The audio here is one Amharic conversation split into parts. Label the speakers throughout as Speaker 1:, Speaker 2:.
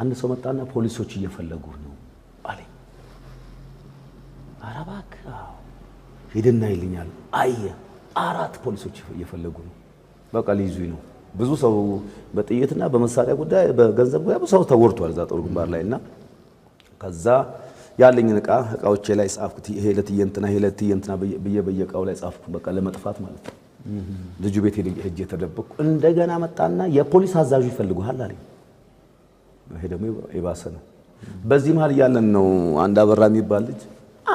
Speaker 1: አንድ ሰው መጣና ፖሊሶች እየፈለጉ ነው አለኝ። ኧረ እባክህ ሂድና ይልኛል። አየ አራት ፖሊሶች እየፈለጉ ነው፣ በቃ ሊይዙኝ ነው። ብዙ ሰው በጥይትና በመሳሪያ ጉዳይ በገንዘብ ጉዳይ ብዙ ሰው ተወርቷል እዛ ጦር ግንባር ላይ እና ከዛ ያለኝን እቃ እቃዎቼ ላይ ጻፍኩት። ይሄ ለትዬ እንትና ይሄ ለትዬ እንትና ብዬ በየእቃው ላይ ጻፍኩ። በቃ ለመጥፋት ማለት ነው። ልጁ ቤት ሄጄ ተደበቅኩ። እንደገና መጣና የፖሊስ አዛዡ ይፈልጉሃል አለኝ። ይሄ ደግሞ የባሰ ነው። በዚህ መሀል እያለን ነው አንድ አበራ የሚባል ልጅ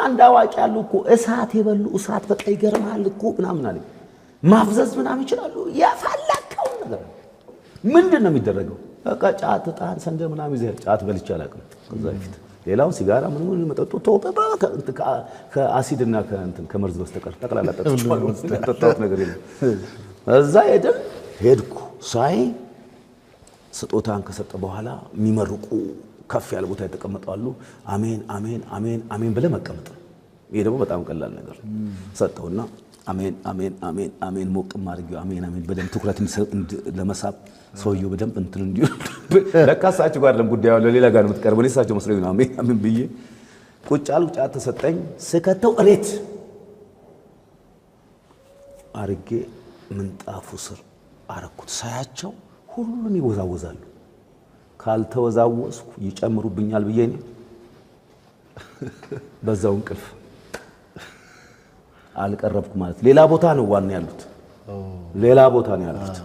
Speaker 1: አንድ አዋቂ አሉ እኮ እሳት የበሉ እሳት በቃ ይገርማል እኮ ምናምን አለኝ። ማፍዘዝ ምናምን ይችላሉ። የፈለከውን ነገር ምንድን ነው የሚደረገው? በቃ ጫት፣ ጣን ሰንደ ምናምን ይዘህ ጫት በልቼ አላውቅም ከዛ በፊት ሌላውን ሲጋራ ምን ምን መጠጡ ከአሲድና ከእንትን ከመርዝ በስተቀር ጠቅላላ ጠጥቼ ነገር የለም። እዛ ሄድን ሄድኩ ሳይ ስጦታን ከሰጠ በኋላ የሚመርቁ ከፍ ያለ ቦታ የተቀመጠዋሉ። አሉ። አሜን አሜን አሜን አሜን ብለህ መቀመጥ ነው። ይሄ ደግሞ በጣም ቀላል ነገር ሰጠውና አሜን አሜን አሜን አሜን ሞቅ ማድረጊው አሜን አሜን በደንብ ትኩረት ለመሳብ ሰውየው በደንብ እንትን እንዲሁ ለካ እሳቸው ጋር ለም ጉዳዩ ለሌላ ጋር የምትቀርበ እሳቸው መስለኝ ነው። አሜን አሜን ብዬ ቁጭ አልኩ። ጫት ተሰጠኝ። ስከተው እሬት አርጌ ምንጣፉ ስር አረኩት ሳያቸው ሁሉም ይወዛወዛሉ። ካልተወዛወስኩ ይጨምሩብኛል ብዬ እኔ በዛው እንቅልፍ አልቀረብኩ ማለት ሌላ ቦታ ነው ዋና ያሉት፣ ሌላ ቦታ ነው ያሉት።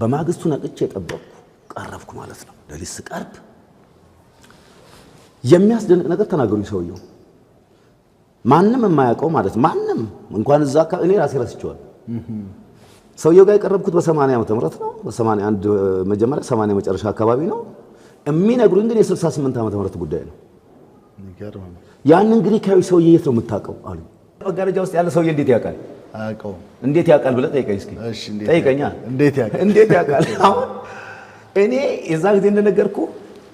Speaker 1: በማግስቱ ነቅቼ የጠበቅኩ ቀረብኩ ማለት ነው። ለሊት ስቀርብ የሚያስደንቅ ነገር ተናገሩኝ ሰውየው ማንም የማያውቀው ማለት ማንም እንኳን እዛ እኔ ራሴ ረስቼዋለሁ። ሰውየው ጋር የቀረብኩት በ80 ዓመተ ምህረት ነው። በ81 መጀመሪያ 80 መጨረሻ አካባቢ ነው። የሚነግሩኝ ግን የ68 ዓመተ ምህረት ጉዳይ ነው። ያንን ግሪካዊ ሰውዬ የት ነው የምታውቀው አሉ። መጋረጃ ውስጥ ያለ ሰውዬ እንዴት ያውቃል? እንዴት ያውቃል ብለህ ጠይቀኝ እስኪ ጠይቀኛ። እንዴት
Speaker 2: ያውቃል? አሁን
Speaker 1: እኔ የዛ ጊዜ እንደነገርኩ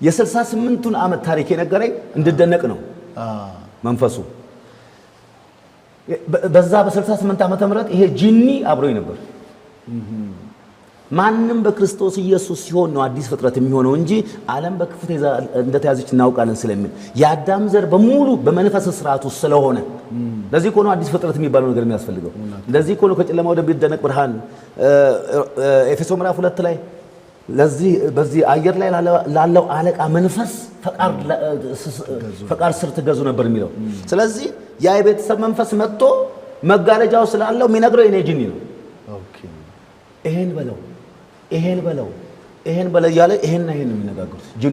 Speaker 1: የ68ቱን ዓመት ታሪክ የነገረኝ እንድደነቅ ነው መንፈሱ። በዛ በ68 ዓመተ ምህረት ይሄ ጂኒ አብሮኝ ነበር። ማንም በክርስቶስ ኢየሱስ ሲሆን ነው አዲስ ፍጥረት የሚሆነው እንጂ ዓለም በክፍት እንደተያዘች እናውቃለን ስለሚል የአዳም ዘር በሙሉ በመንፈስ ስርዓት ውስጥ ስለሆነ ለዚህ እኮ አዲስ ፍጥረት የሚባለው ነገር የሚያስፈልገው። ለዚህ እኮ ከጨለማ ወደ ቢደነቅ ብርሃን ኤፌሶ ምዕራፍ ሁለት ላይ ለዚህ በዚህ አየር ላይ ላለው አለቃ መንፈስ ፈቃድ ስር ትገዙ ነበር የሚለው። ስለዚህ ያ የቤተሰብ መንፈስ መጥቶ መጋረጃው ስላለው የሚነግረው ኢኔጂኒ ነው ይሄን በለው ይሄን በለው ይሄን በለው እያለ ይሄንና ይሄን የሚነጋገሩት።